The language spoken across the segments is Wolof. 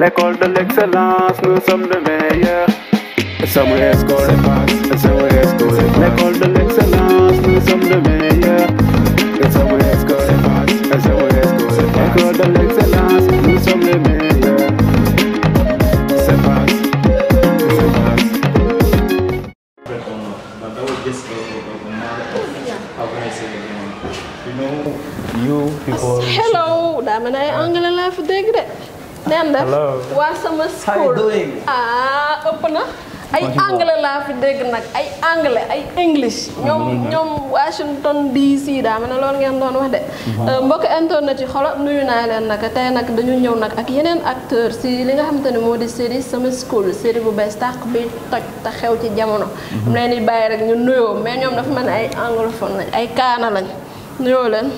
L'école de l'excellence, nous sommes les meilleurs. Somewhere score pass, somewhere score L'école de l'excellence, nous sommes les meilleurs. Somewhere score pass, somewhere score L'école de l'excellence. def. waa sama school. ah ëpp na. ay anglais laa fi dégg nag ay anglais ay english ñoom ñoom Washington DC daa ma ne loolu ngeen doon wax de. Mhm. Euh, mbokk internet yi xolo nuyu naa leen nag tey nag dañu ñëw nag ak yeneen acteur si li nga xamante ne moo di série sama school série bu bay tàq bi toj te xew ci jamono. mu mhm. leen di bàyyi rek ñu nuyoo mais ñoom dafa mel ni ay anglophone lañ ay kaana lañ nuyoo leen.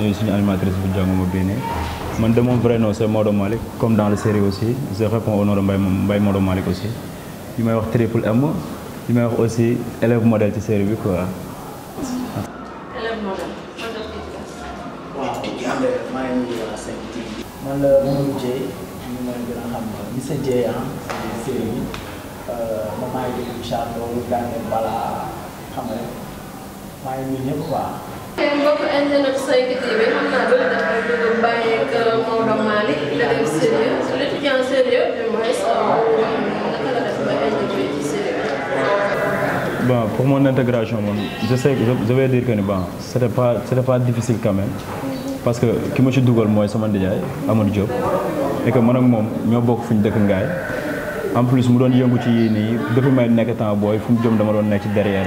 nuyu suñu animatrice bu jànguma bii nii man de mon vrai nom c'est comme dans la série aussi je réponds au nom de Mbaye Mbaye aussi li may wax triple M li may wax aussi élève modèle ci série bi quoi. élève modèle. waaw maa ngi nuyu a gën a xam di ah, euh, Charles Lo xam nga. pour mon intégration je sais vais dire que ce n'était pas difficile quand même parce que je suis suis dugal mon sama et que je suis beaucoup en plus je suis depuis temps derrière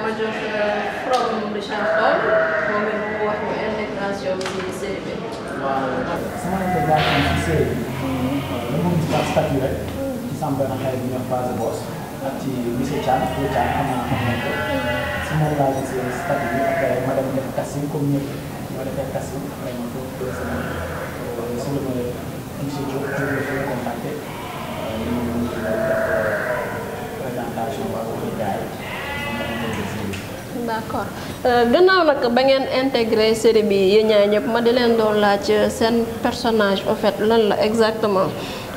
managers uh, from Richard Hall, women who work in integration in CDB. sama intégration ci séeréer bi moom ci baax statut rek ci sama benn xale bi ñu wax Paz Boss ak ci monsieur Thiam monsieur Thiam xam naa xam nañ ko su ma laa gisee statut bi après ma dem def casting comme ñëpp ma defee casting après ma toog deux semaines su ma monsieur Diop Diop la fi contacté ñu def présentation waa Wodé Gaye d'accord euh, gannaaw nag ba ngeen intégré série bi yéen ñaa ñëpp ma di leen doon laaj euh, seen personnage au fait lan la exactement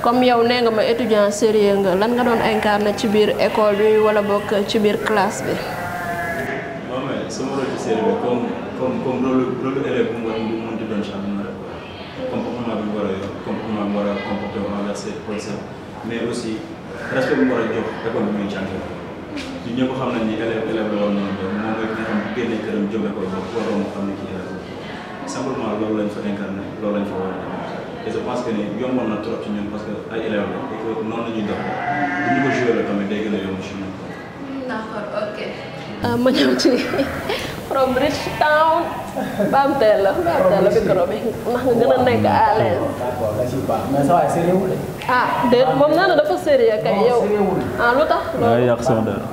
comme yow nee nga ma étudiant sérieux nga lan nga doon incarné ci biir école bi wala bokk ci biir classe bi. mais sama rôle bu mu war a mënti doon changement rek war a yor comportement ñëpp xam nañ ni élève élève ñu jóge ko ba waroon nga xam ne kii yàlla simplement loolu lañ fa dénkaan ne loolu lañ fa war a et je pense que ni yomboon na trop ci ñun parce ay élèves la noonu la ñuy dox bu ñu tamit day gën a yomb ci ñun. d'accord ok. Euh, ma ñëw ci. from rich town baamteel la baamteel la micro bi ndax nga gën a nekk à l'aise. ah déet moom nee na dafa sérieux kay yow ah lu tax.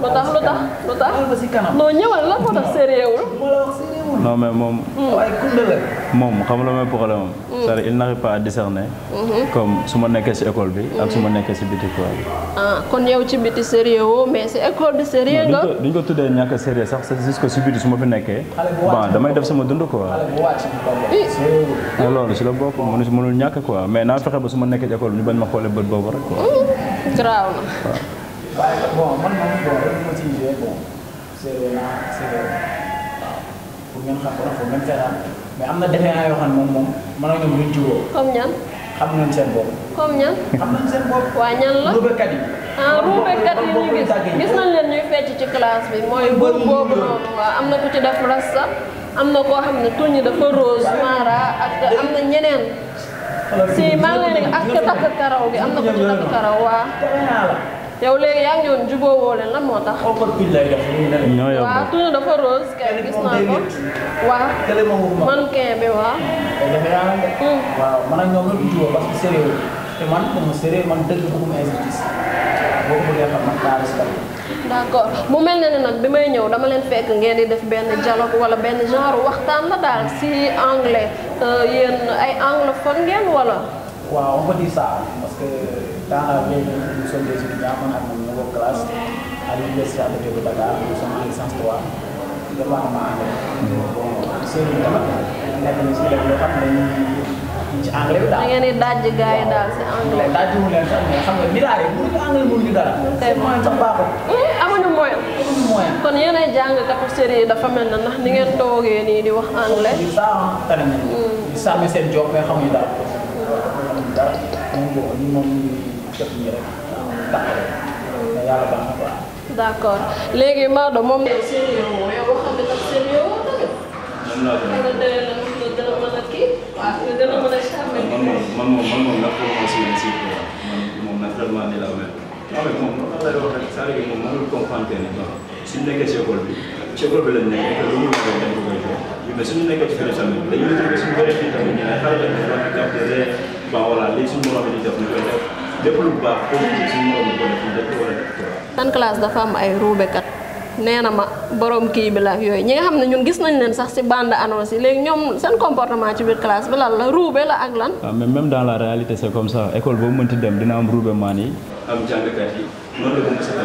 lu tax lu tax lu tax. la ko tax sérieux wul. non mais moom. moom xam la mooy problème am. il n'arrive pas à discerner. comme suma ma ci école bi. ak suma ma ci si biti quoi. ah kon yow ci biti sérieux woo mais c'est école de sérieux nga. duñ ko tuddee ñàkk sérieux sax c'est juste que si biti suma fi nekkee. bon damay def sama dund quoi. non ah, si la bokk mënu mënul ñàkk quoi mais na fexé ba suma ma ci école ñu bañ ma xolé bët bobu rek quoi. graw na. waaw. man man bon pour ngeen xam ko mais am na defe naa yoo xam ne moom moom mën a ñoom luñ ci woo. comme ñan. xam nañ seen bopp. comme ñan. waa ñan la ruubekat yi. ah ruubekat yi ñu gis nañ leen ñuy fecc ci classe bi mooy bër boobu noonu waaw am na ku ci def rasta am na koo xam ne tuñ dafa rose mara ak am na ñeneen si maa ngi leen ak takk karaw gi am na ku ci takk karaw waa. yow léegi yaa ngi ñëwoon woo leen lan moo tax. ñoo yomb dafa rose kay gis naa ko. waaw man kenn bi waaw. Hmm. waaw man ak ñoom la ñu jubóo parce man dëgg bëgguma injustice boo ko bëggee mu mel ne nag bi may ñëw dama leen fekk ngeen di def benn dialogue wala benn genre waxtaan la daal si anglais euh, yéen ay anglophone ngeen wala. waaw on peut dire ça dans la veille, nous sommes des étudiants, on a mon niveau classe à l'université de Dakar, nous sommes en licence 3, département anglais. Bon, c'est une nekk na si lépp loo xam ne ñu ci anglais bi daal. da ngeen di daj gars yi daal si anglais. dajul leen sax mais xam nga miraar yi mënuñu anglais mënuñu dara. tey moyen sax baaxul. amuñu moyen. di wax anglais. ñu saa tane nañu. ñu sàmmi seen moom moom jot ñu rek tax na yàlla baax na quoi. man moom man moom man moom si quoi man moom naturellement ni la mel. man la yoo xam ne c'est-à-dire bi. ci Europe lañ nekk te lu ñu mën nekk ci feneen tamit dañuy dégg suñu bëree fii tamit ñu ne xale lañ def ak gàpp ba voilà léegi dafa am ay ruubekat nee na ma borom kii bi la ak yooyu ñi nga xam ne ñoom gis nañ leen sax ci bande annonce yi léegi ñoom seen comportement ci biir classe bi lan la ruube la ak lan. waaw mais même dans la réalité c'est comme ça école boobu mënti dem dina am ruube maan yi. am jàngkat yi noonu la ko mos a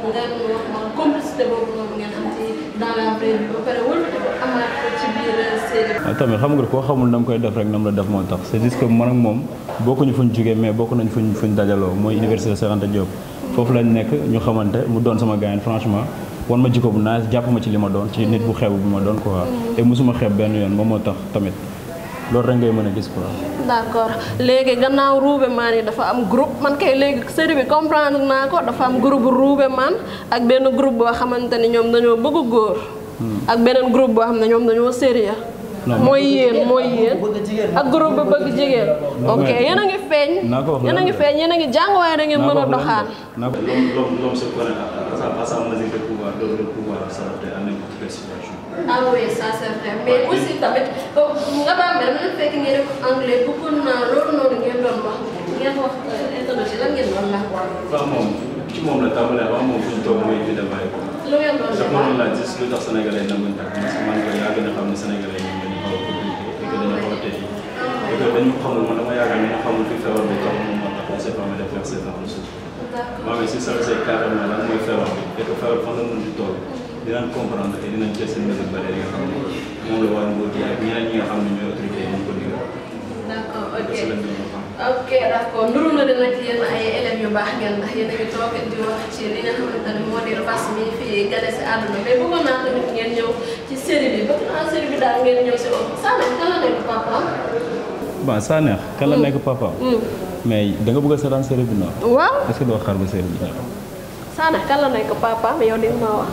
nga tamit xam nga koo xamul na mu koy def rek na mu la def moo tax c'est juste que man ak moom bokkuñu fuñ jógee mais bokk nañ fuñ fuñ dajaloo mooy université Cheikh Anta Diop. foofu lañ nekk ñu xamante mu doon sama gars franchement. wan ma jikko bu naaj jàpp ma ci li ma doon ci nit bu xeeb bi ma doon quoi. te mosuma xeeb benn yoon moom moo tax tamit. loolu rek ngay mën a gis quoi. d' accord léegi gannaaw Roubé Man yi dafa am group man kay léegi série bi comprendre naa ko dafa am group bu Roubé Man ak benn groupe boo xamante ni ñoom dañoo bëgg góor. Hmm. ak beneen groupe boo xam ne ñoom dañoo sérieux Moyen, moyen, agro yéen ak groupe ba bëgg jigéen ok yéen a ngi feeñ yéen a ngi feeñ yéen a ngi jàng waaye da ngeen mën a doxaan Ah oui, ça c'est vrai. Mais aussi, tamit, nga ba mel na fekk ngeen def anglais bëggoon naa loolu noonu ngeen doon wax ngeen wax internet ngeen doon laaj wax. Waaw moom ci moom la tàmbalee waaw moom fu ñu toog mooy fi dafay lu tax sénégalais tak man ko a sénégalais dañu xamul man dama yaakaar ne xamul fi feebar bi tax moom moo tax on sait pas mais def verser dans le suuf maanaam si sa say carrément lan mooy feebar bi et que feebar fan la mën di toll dinañ comprendre te dinañ jël seen mesure barrière yi nga xam ne moom la war a mbóot yi ak ñeneen ñi nga xam ne ñooy autorité yi ñu ko digal ok d' accord nuru na dina ci yéen ay élèves yu baax ngeen ndax yéen a ngi toog di wax ci li nga xamante ni moo di mbas mi fi gane si àdduna mais bëggoon naa tamit ngeen ñëw ci série bi bëgg naa série bi daal ngeen ñëw si oom Saalum kan la nekk papa. souvent ça neex kala la nekk papaam. mais da nga bëgg sa seetaan série bi noonu. waaw est ce que doo xaar ba série bi ñëw. Saana kala la papa mais yow di ma wax.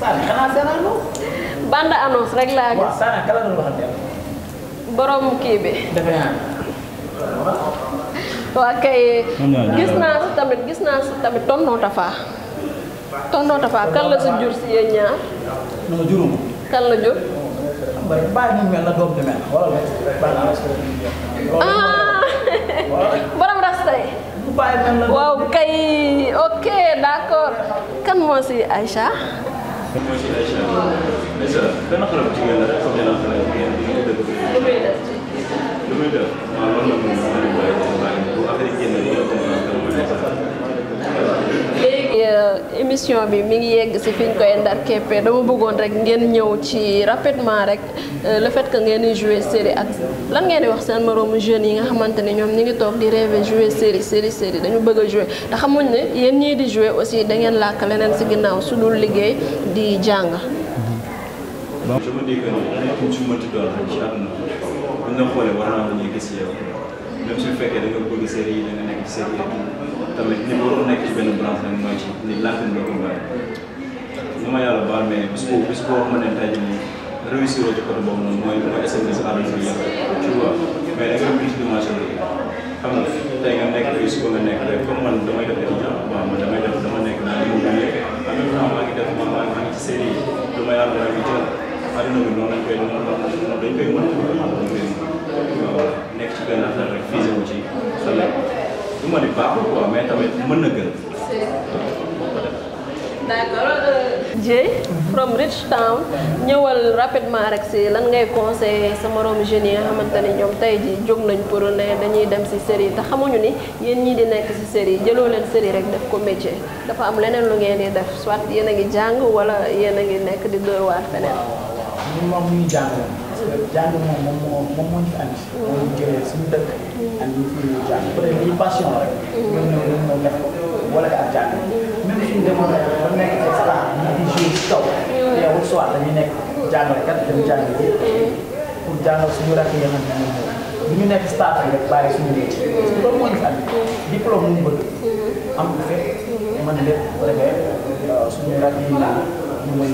Saana kala sa loo. banda annonce rek la gis. waaw Saana kala do wax dem borom kii bi. defe wa kay. gis na si tamit gis na si tamit tonno ta fa tonno ta fa kala si jur ci ñaar. no jurum kala jur berbaring ah. mela dom de mela wala borom rasta wow kay ok d'accord kan mo ci Aïcha Aisha, ci Aïcha mais ça ben xaram ci ngeen rek ko dina xaram ci ngeen di dëgg lu muy def lu muy def ma lool émission bi mi ngi yegg si fi ñu koy ndar keppe dama bëggoon rek ngeen ñëw ci rapidement rek euh, le fait que ngeen di jouer série ak lan ngeen di wax seen moroomu jeunes yi nga xamante ne ñoom ñu ngi toog di rêver jouer série série série dañu bëgg a jouer te xamuñ ne yéen ñii di jouer aussi da ngeen làkk leneen si ginnaaw su dul liggéey di jàng. tamit ni waroon nekk ci benn branche nag mooy ci ni lantine bi ko mën a ma yàlla baal mais bis boo bis boo xam ne tey jii nii réussir ci côté boobu noonu mooy mooy SMS à l' émission tu vois mais da nga multidimension xam nga tey nga nekk fii suba nga nekk rek comme man damay def étudiant waaw man damay def dama nekk naa mu ngi en même temps maa ngi def man maa ngi ci série yi lu ma yàlla maa ngi jël àdduna bi noonu lañ koy noonu dañ koy mën a waaw nekk ci benn affaire rek visé wu ci sa du ma ne baaxul quoi mais Jay, from Rich Town, ñëwal rapidement rek si lan ngay conseiller sa morom jeunes yi nga xamante ni ñoom jog nañ pour ne dañuy dem si série te xamuñu ni di nekk série leen rek def ko métier dafa am leneen lu ngeen di def soit yéen wala yéen a nekk di dóor waar feneen. ñu jàng moom moom moo moom moo ñu fi andi. moo ñu jëlee suñu dëkk. andi ñu fi ñu jàng peut être lii passion la rek. ñoom ñoo ñoom ñoo def ko wala ak jàng. même suñu demoon rek ba nekk ay star ñu di joué ci kaw. teewul soit dañuy nekk jàngalekat dem jàng ji. pour jàngal suñu rakk yi nga xam ne moom bu ñu nekk star rek bàyyi suñu métier. parce que loolu moo ñu fi andi. diplôme mu bëgg. am ko fekk. mën lépp bu defee euh, suñu rakk yi naan. ñu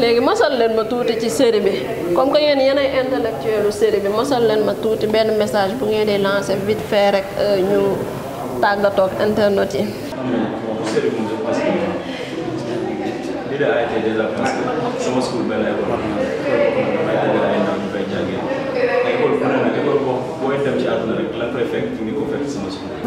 léegi mosal leen ma tuuti ci série bi comme que yéen yéenay intellectuel u série bi mosal leen ma tuuti benn message bu ngeen di lancer vite rek euh, ñu tàggatoo internet yi.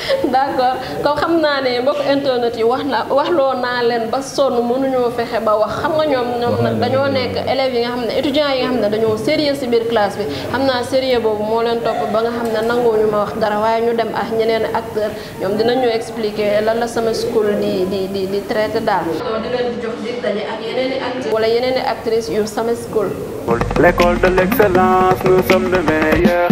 d'accord kon xam naa ne mbokk internet yi wax na waxloo naa leen ba sonn mënuñoo fexe ba wax xam nga ñoom ñoom nag dañoo nekk élèves yi nga xam ne étudiants yi nga xam ne dañoo sérieux ci biir classe bi xam naa sérieux boobu moo leen topp ba nga xam ne nangoo ñu ma wax dara waaye ñu dem ak ñeneen acteur ñoom dinañu expliquer lan la sama school di di di di traité daal. di leen di i actrices yu sama school. L'école de l'excellence, nous sommes les meilleurs.